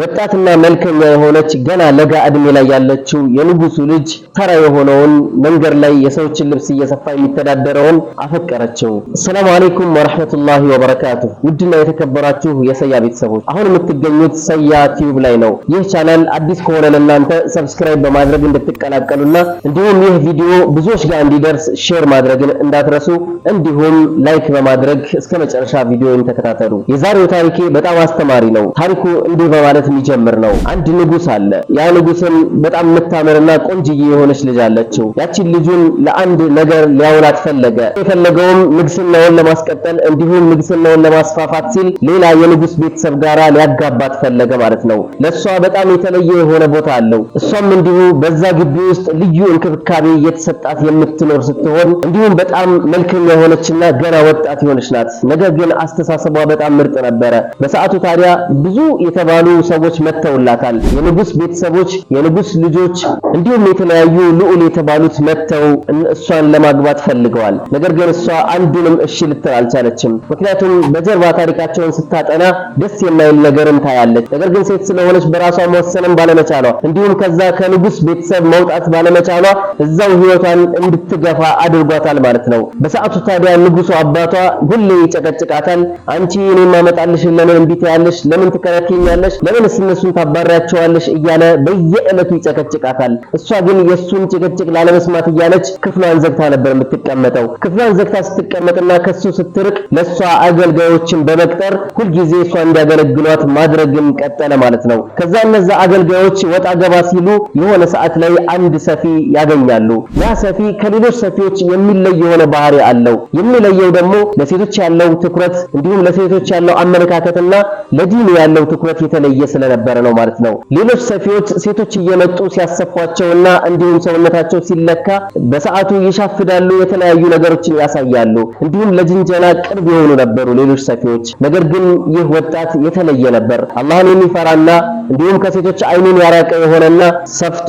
ወጣትና መልከኛ የሆነች ገና ለጋ እድሜ ላይ ያለችው የንጉሱ ልጅ ተራ የሆነውን መንገድ ላይ የሰዎችን ልብስ እየሰፋ የሚተዳደረውን አፈቀረችው። ሰላም አለይኩም ወራህመቱላሂ ወበረካቱ። ውድና የተከበራችሁ የሰያ ቤተሰቦች አሁን የምትገኙት ሰያ ቲዩብ ላይ ነው። ይህ ቻናል አዲስ ከሆነ ለእናንተ ሰብስክራይብ በማድረግ እንድትቀላቀሉና እንዲሁም ይህ ቪዲዮ ብዙዎች ጋር እንዲደርስ ሼር ማድረግን እንዳትረሱ፣ እንዲሁም ላይክ በማድረግ እስከ መጨረሻ ቪዲዮውን ተከታተሉ። የዛሬው ታሪኬ በጣም አስተማሪ ነው። ታሪኩ እንዲህ በማለት ከልጅነት የሚጀምር ነው። አንድ ንጉስ አለ። ያ ንጉስም በጣም የምታምርና ቆንጅዬ የሆነች ልጅ አለችው። ያቺን ልጁን ለአንድ ነገር ሊያውላት ፈለገ። የፈለገውም ንግስናውን ለማስቀጠል እንዲሁም ንግስናውን ለማስፋፋት ሲል ሌላ የንጉስ ቤተሰብ ጋራ ሊያጋባት ፈለገ ማለት ነው። ለእሷ በጣም የተለየ የሆነ ቦታ አለው። እሷም እንዲሁ በዛ ግቢ ውስጥ ልዩ እንክብካቤ እየተሰጣት የምትኖር ስትሆን እንዲሁም በጣም መልከኛ የሆነችና ገና ወጣት የሆነች ናት። ነገር ግን አስተሳሰቧ በጣም ምርጥ ነበረ። በሰዓቱ ታዲያ ብዙ የተባሉ ሰዎች መጥተውላታል። የንጉስ ቤተሰቦች፣ የንጉስ ልጆች እንዲሁም የተለያዩ ልዑል የተባሉት መጥተው እሷን ለማግባት ፈልገዋል። ነገር ግን እሷ አንዱንም እሺ ልትል አልቻለችም። ምክንያቱም በጀርባ ታሪካቸውን ስታጠና ደስ የማይል ነገርን ታያለች። ነገር ግን ሴት ስለሆነች በራሷ መወሰንም ባለመቻሏ እንዲሁም ከዛ ከንጉስ ቤተሰብ መውጣት ባለመቻሏ እዛው ህይወቷን እንድትገፋ አድርጓታል ማለት ነው። በሰዓቱ ታዲያ ንጉሱ አባቷ ሁሌ ይጨቀጭቃታል። አንቺ እኔ ማመጣልሽ ለምን እምቢ ትያለሽ? ለምን ትከለክኛለሽ? ለምን ለምንስ እነሱን ታባሪያቸዋለሽ እያለ በየዕለቱ ይጨቀጭቃታል። እሷ ግን የእሱን ጭቅጭቅ ላለመስማት እያለች ክፍሏን ዘግታ ነበር የምትቀመጠው። ክፍሏን ዘግታ ስትቀመጥና ከሱ ስትርቅ ለእሷ አገልጋዮችን በመቅጠር ሁልጊዜ እሷ እንዲያገለግሏት ማድረግም ቀጠለ ማለት ነው። ከዛ እነዛ አገልጋዮች ወጣ ገባ ሲሉ የሆነ ሰዓት ላይ አንድ ሰፊ ያገኛሉ። ያ ሰፊ ከሌሎች ሰፊዎች የሚለይ የሆነ ባህሪ አለው። የሚለየው ደግሞ ለሴቶች ያለው ትኩረት እንዲሁም ለሴቶች ያለው አመለካከትና ለዲኑ ያለው ትኩረት የተለየ ስለነበረ ነው ማለት ነው። ሌሎች ሰፊዎች ሴቶች እየመጡ ሲያሰፏቸውና እንዲሁም ሰውነታቸው ሲለካ በሰዓቱ ይሻፍዳሉ፣ የተለያዩ ነገሮችን ያሳያሉ። እንዲሁም ለጅንጀና ቅርብ የሆኑ ነበሩ ሌሎች ሰፊዎች። ነገር ግን ይህ ወጣት የተለየ ነበር፣ አላህን የሚፈራና እንዲሁም ከሴቶች አይኑን ያራቀ የሆነና ሰፍቶ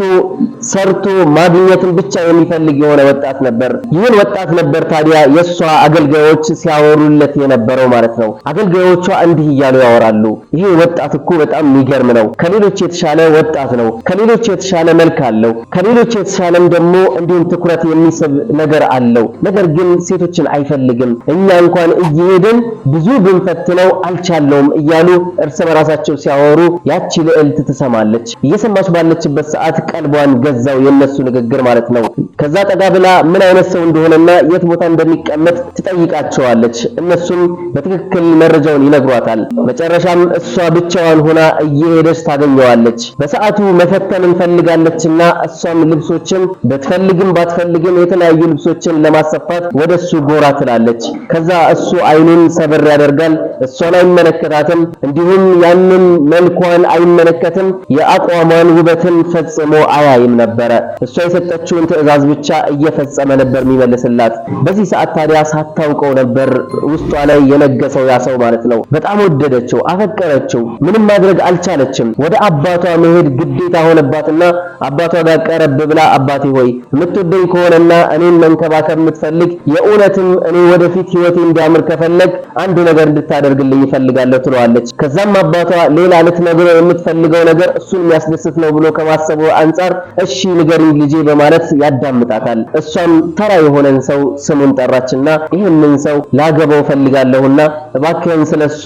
ሰርቶ ማግኘትን ብቻ የሚፈልግ የሆነ ወጣት ነበር። ይህን ወጣት ነበር ታዲያ የሷ አገልጋዮች ሲያወሩለት የነበረው ማለት ነው። አገልጋዮቿ እንዲህ እያሉ ያወራሉ፣ ይሄ ወጣት እኮ በጣም የሚገርም ነው፣ ከሌሎች የተሻለ ወጣት ነው፣ ከሌሎች የተሻለ መልክ አለው፣ ከሌሎች የተሻለም ደግሞ እንዲሁም ትኩረት የሚስብ ነገር አለው። ነገር ግን ሴቶችን አይፈልግም። እኛ እንኳን እየሄድን ብዙ ብንፈትነው አልቻለውም እያሉ እርስ በራሳቸው ሲያወሩ ያቺ ልዕልት ትሰማለች። እየሰማች ባለችበት ሰዓት ቀልቧን ገዛው የነሱ ንግግር ማለት ነው። ከዛ ጠጋ ብላ ምን አይነት ሰው እንደሆነና የት ቦታ እንደሚቀመጥ ትጠይቃቸዋለች። እነሱም በትክክል መረጃውን ይነግሯታል። መጨረሻም እሷ ብቻዋን ሆና እየሄደች ታገኘዋለች። በሰዓቱ መፈተን እንፈልጋለችና እሷም ልብሶችን በትፈልግም ባትፈልግም የተለያዩ ልብሶችን ለማሰፋት ወደሱ ጎራ ትላለች። ከዛ እሱ አይኑን ሰበር ያደርጋል። እሷን አይመለከታትም። እንዲሁም ያንን መልኳን አይ ሲመለከትም የአቋሟን ውበትን ፈጽሞ አያይም ነበረ። እሷ የሰጠችውን ትዕዛዝ ብቻ እየፈጸመ ነበር የሚመልስላት። በዚህ ሰዓት ታዲያ ሳታውቀው ነበር ውስጧ ላይ የነገሰው ያ ሰው ማለት ነው። በጣም ወደደችው፣ አፈቀረችው። ምንም ማድረግ አልቻለችም። ወደ አባቷ መሄድ ግዴታ ሆነባትና አባቷ ጋር ቀረብ ብላ አባቴ ሆይ የምትወደኝ ከሆነና እኔን መንከባከብ የምትፈልግ የእውነትም እኔ ወደፊት ህይወቴ እንዲያምር ከፈለግ አንድ ነገር እንድታደርግልኝ ይፈልጋለሁ ትለዋለች። ከዛም አባቷ ሌላ ልትነግረው የምፈልገው ነገር እሱን የሚያስደስት ነው ብሎ ከማሰቡ አንጻር እሺ ንገሪኝ ልጄ በማለት ያዳምጣታል። እሷም ተራ የሆነን ሰው ስሙን ጠራችና ይህንን ሰው ላገባው ፈልጋለሁና እባክህን ስለሱ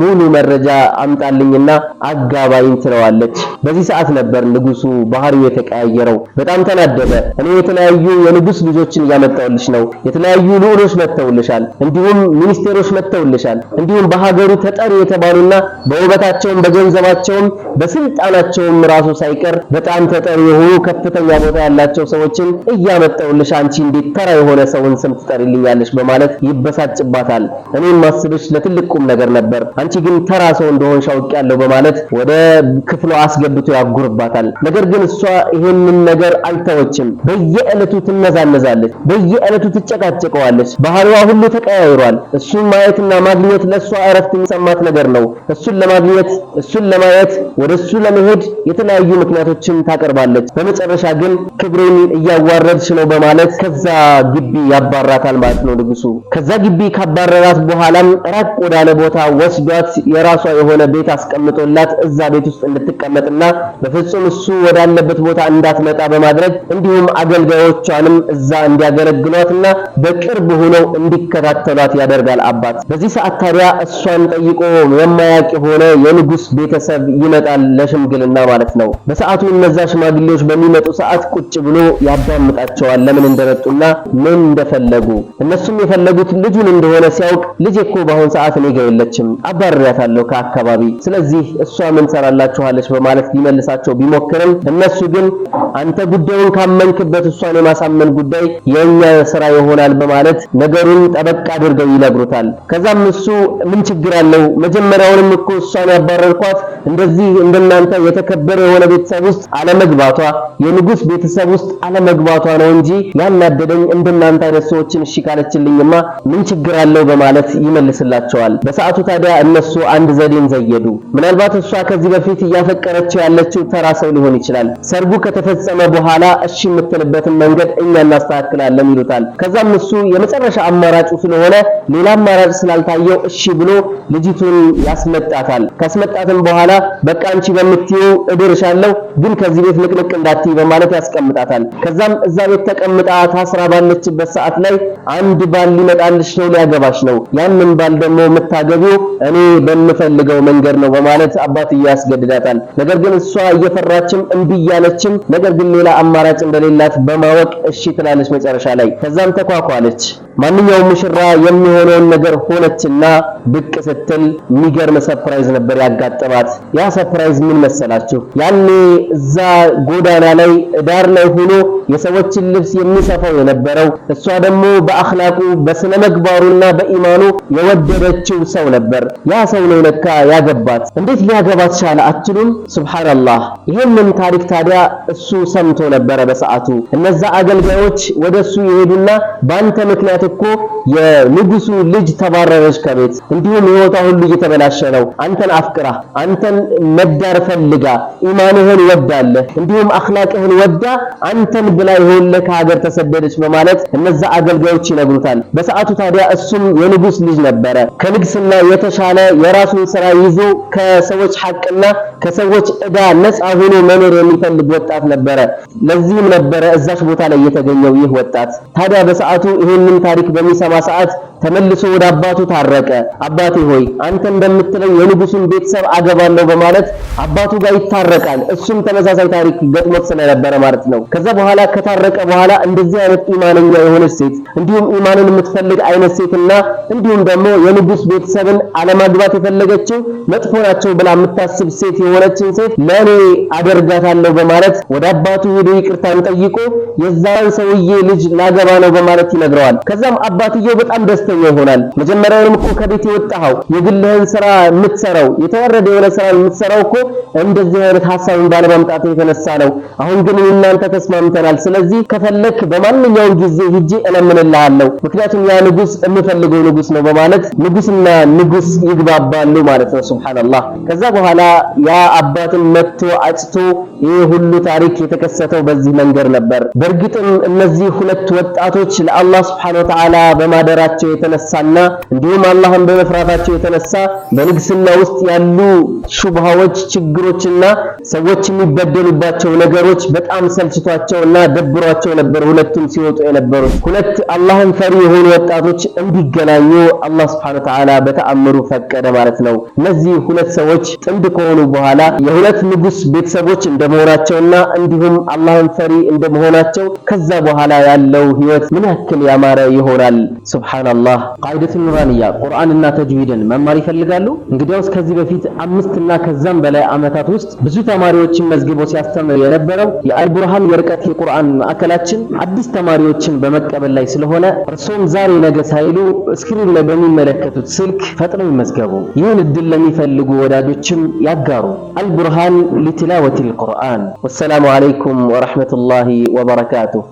ሙሉ መረጃ አምጣልኝና አጋባኝ ትለዋለች። በዚህ ሰዓት ነበር ንጉሱ ባህሪው የተቀያየረው። በጣም ተናደደ። እኔ የተለያዩ የንጉስ ልጆችን እያመጣሁልሽ ነው፣ የተለያዩ ልዑሎች መጥተውልሻል፣ እንዲሁም ሚኒስቴሮች መጥተውልሻል፣ እንዲሁም በሀገሩ ተጠሪ የተባሉና በውበታቸውም በገንዘባቸውም በስልጣናቸውም ራሱ ሳይቀር በጣም ተጠሪ የሆኑ ከፍተኛ ቦታ ያላቸው ሰዎችን እያመጣውልሽ አንቺ እንዴት ተራ የሆነ ሰውን ስም ትጠሪልኛለሽ? በማለት ይበሳጭባታል። እኔም ማስብሽ ለትልቅ ቁም ነገር ነበር፣ አንቺ ግን ተራ ሰው እንደሆንሽ አውቄያለሁ በማለት ወደ ክፍሏ አስገብቶ ያጉርባታል። ነገር ግን እሷ ይሄንን ነገር አልተወችም። በየዕለቱ ትነዛነዛለች፣ በየዕለቱ ትጨቃጨቀዋለች። ባህሪዋ ሁሉ ተቀያይሯል። እሱን ማየትና ማግኘት ለእሷ እረፍት የሚሰማት ነገር ነው። እሱን ለማግኘት እሱን ለማየት ወደሱ ለመሄድ የተለያዩ ምክንያቶችን ታቀርባለች። በመጨረሻ ግን ክብሬን እያዋረድሽ ነው በማለት ከዛ ግቢ ያባራታል ማለት ነው ንጉሱ። ከዛ ግቢ ካባረራት በኋላም ራቅ ወዳለ ቦታ ወስዷት የራሷ የሆነ ቤት አስቀምጦላት እዛ ቤት ውስጥ እንድትቀመጥና በፍጹም እሱ ወዳለበት ቦታ እንዳትመጣ በማድረግ እንዲሁም አገልጋዮቿንም እዛ እንዲያገለግሏትና በቅርብ ሆነው እንዲከታተሏት ያደርጋል አባት። በዚህ ሰዓት ታዲያ እሷን ጠይቆ የማያውቅ የሆነ የንጉስ ቤተሰብ ይመ ይመጣል ለሽምግልና ማለት ነው። በሰዓቱ እነዛ ሽማግሌዎች በሚመጡ ሰዓት ቁጭ ብሎ ያዳምጣቸዋል ለምን እንደመጡና ምን እንደፈለጉ። እነሱም የፈለጉት ልጁን እንደሆነ ሲያውቅ ልጄ እኮ በአሁን ሰዓት እኔ ጋር የለችም፣ አባርሪያታለሁ ከአካባቢ ስለዚህ እሷ ምን ሰራላችኋለች በማለት ሊመልሳቸው ቢሞክርም እነሱ ግን አንተ ጉዳዩን ካመንክበት እሷን የማሳመን ጉዳይ የኛ ስራ ይሆናል በማለት ነገሩን ጠበቅ አድርገው ይነግሩታል። ከዛም እሱ ምን ችግር አለው መጀመሪያውንም እኮ እሷን ያባረርኳት እንደዚህ እንደናንተ የተከበረ የሆነ ቤተሰብ ውስጥ አለመግባቷ የንጉስ ቤተሰብ ውስጥ አለመግባቷ ነው እንጂ ያናደደኝ እንደናንተ አይነት ሰዎችን እሺ ካለችልኝማ ምን ችግር አለው በማለት ይመልስላቸዋል። በሰዓቱ ታዲያ እነሱ አንድ ዘዴን ዘየዱ። ምናልባት እሷ ከዚህ በፊት እያፈቀረችው ያለችው ተራ ሰው ሊሆን ይችላል። ሰርጉ ከተፈጸመ በኋላ እሺ የምትልበትን መንገድ እኛ እናስተካክላለን ይሉታል። ከዛም እሱ የመጨረሻ አማራጩ ስለሆነ ሌላ አማራጭ ስላልታየው እሺ ብሎ ልጅቱን ያስመጣታል። ካስመጣትም በኋላ በቃ አንቺ በምትይው እድርሻለሁ ግን ከዚህ ቤት ልቅልቅ እንዳትይ በማለት ያስቀምጣታል። ከዛም እዛ ቤት ተቀምጣ ታስራ ባለችበት ሰዓት ላይ አንድ ባል ሊመጣልሽ ነው፣ ሊያገባሽ ነው። ያንን ባል ደግሞ የምታገቢው እኔ በምፈልገው መንገድ ነው በማለት አባትየው ያስገድዳታል። ነገር ግን እሷ እየፈራችም እምቢ እያለችም ነገር ግን ሌላ አማራጭ እንደሌላት በማወቅ እሺ ትላለች መጨረሻ ላይ። ከዛም ተኳኳለች። ማንኛውም ሙሽራ የሚሆነውን ነገር ሆነችና ብቅ ስትል የሚገርም ሰርፕራይዝ ነበር ያጋጠማት። ያ ሰርፕራይዝ ምን መሰላችሁ? ያኔ እዛ ጎዳና ላይ ዳር ላይ ሆኖ የሰዎችን ልብስ የሚሰፋው የነበረው እሷ ደግሞ በአኽላቁ በስነ ምግባሩና በኢማኑ የወደደችው ሰው ነበር። ያ ሰው ነው ለካ ያገባት። እንዴት ሊያገባት ቻለ አትሉም? ሱብሃንአላህ። ይህንን ታሪክ ታዲያ እሱ ሰምቶ ነበረ በሰዓቱ። እነዛ አገልጋዮች ወደ እሱ ይሄዱና በአንተ ምክንያት እኮ የንጉሱ ልጅ ተባረረች ከቤት እንዲሁም ህይወቷ ሁሉ እየተበላሸ ነው አንተን አፍቅራ አንተን መዳር ፈልጋ ኢማንህን ወዳለህ እንዲሁም አኽላቅህን ወዳ አንተን ብላ የሆለከ ከሀገር ተሰደደች በማለት እነዛ አገልጋዮች ይነግሩታል። በሰዓቱ ታዲያ እሱም የንጉስ ልጅ ነበረ። ከንግስና የተሻለ የራሱን ስራ ይዞ ከሰዎች ሐቅና ከሰዎች እዳ ነፃ ሆኖ መኖር የሚፈልግ ወጣት ነበረ። ለዚህም ነበረ እዛች ቦታ ላይ የተገኘው ይህ ወጣት። ታዲያ በሰዓቱ ይህንን ታሪክ በሚሰማ ሰዓት ተመልሶ ወደ አባቱ ታረቀ። አባቴ ሆይ አንተ እንደምትለኝ የንጉሱን ቤተሰብ አገባለሁ በማለት አባቱ ጋር ይታረቃል። እሱም ተመሳሳይ ታሪክ ገጥሞት ስለነበረ ማለት ነው። ከዛ በኋላ ከታረቀ በኋላ እንደዚህ አይነት ኢማንኛ የሆነች ሴት እንዲሁም ኢማንን የምትፈልግ አይነት ሴትና እንዲሁም ደግሞ የንጉስ ቤተሰብን አለማግባት የፈለገችው መጥፎ ናቸው ብላ የምታስብ ሴት የሆነችን ሴት ለእኔ አደርጋታለሁ በማለት ወደ አባቱ ሄዶ ይቅርታን ጠይቆ የዛን ሰውዬ ልጅ ላገባ ነው በማለት ይነግረዋል። ከዛም አባትየው በጣም ደስ ደስተኛ ይሆናል። መጀመሪያውንም እኮ ከቤት የወጣኸው የግልህን ስራ የምትሰራው የተወረደ የሆነ ስራ የምትሰራው እኮ እንደዚህ አይነት ሐሳብን ባለማምጣት የተነሳ ነው። አሁን ግን እናንተ ተስማምተናል። ስለዚህ ከፈለክ በማንኛውም ጊዜ ሂጄ እለምንልሃለሁ፣ ምክንያቱም ያ ንጉስ የምፈልገው ንጉስ ነው በማለት ንጉስና ንጉስ ይግባባሉ ማለት ነው። ሱብሃንአላህ። ከዛ በኋላ ያ አባትን መጥቶ አጭቶ ይሄ ሁሉ ታሪክ የተከሰተው በዚህ መንገድ ነበር። በእርግጥም እነዚህ ሁለት ወጣቶች ለአላህ ሱብሃነሁ ወተዓላ በማደራቸው የተነሳና እንዲሁም አላህን በመፍራታቸው የተነሳ በንግስና ውስጥ ያሉ ሹብሃዎች፣ ችግሮችና ሰዎች የሚበደሉባቸው ነገሮች በጣም ሰልችቷቸውና ደብሯቸው ነበር። ሁለቱም ሲወጡ የነበሩ ሁለት አላህን ፈሪ የሆኑ ወጣቶች እንዲገናኙ አላህ ሱብሓነሁ ወተዓላ በተአምሩ ፈቀደ ማለት ነው። እነዚህ ሁለት ሰዎች ጥንድ ከሆኑ በኋላ የሁለት ንጉስ ቤተሰቦች እንደመሆናቸውና እንዲሁም አላህን ፈሪ እንደመሆናቸው ከዛ በኋላ ያለው ህይወት ምን ያክል ያማረ ይሆናል! ሱብሃንአላህ ማሻአላህ ቃይደቱን ኑራንያ ቁርአንና ተጅዊድን መማር ይፈልጋሉ? እንግዲያውስ ከዚህ በፊት አምስትና ከዛም በላይ ዓመታት ውስጥ ብዙ ተማሪዎችን መዝግቦ ሲያስተምር የነበረው የአልቡርሃን የርቀት የቁርአን ማዕከላችን አዲስ ተማሪዎችን በመቀበል ላይ ስለሆነ እርሶም ዛሬ ነገ ሳይሉ እስክሪን ላይ በሚመለከቱት ስልክ ፈጥነው ይመዝገቡ። ይህን እድል ለሚፈልጉ ወዳጆችም ያጋሩ። አልቡርሃን ሊትላወቲል ቁርአን። ወሰላሙ አለይኩም ወራህመቱላሂ ወበረካቱሁ።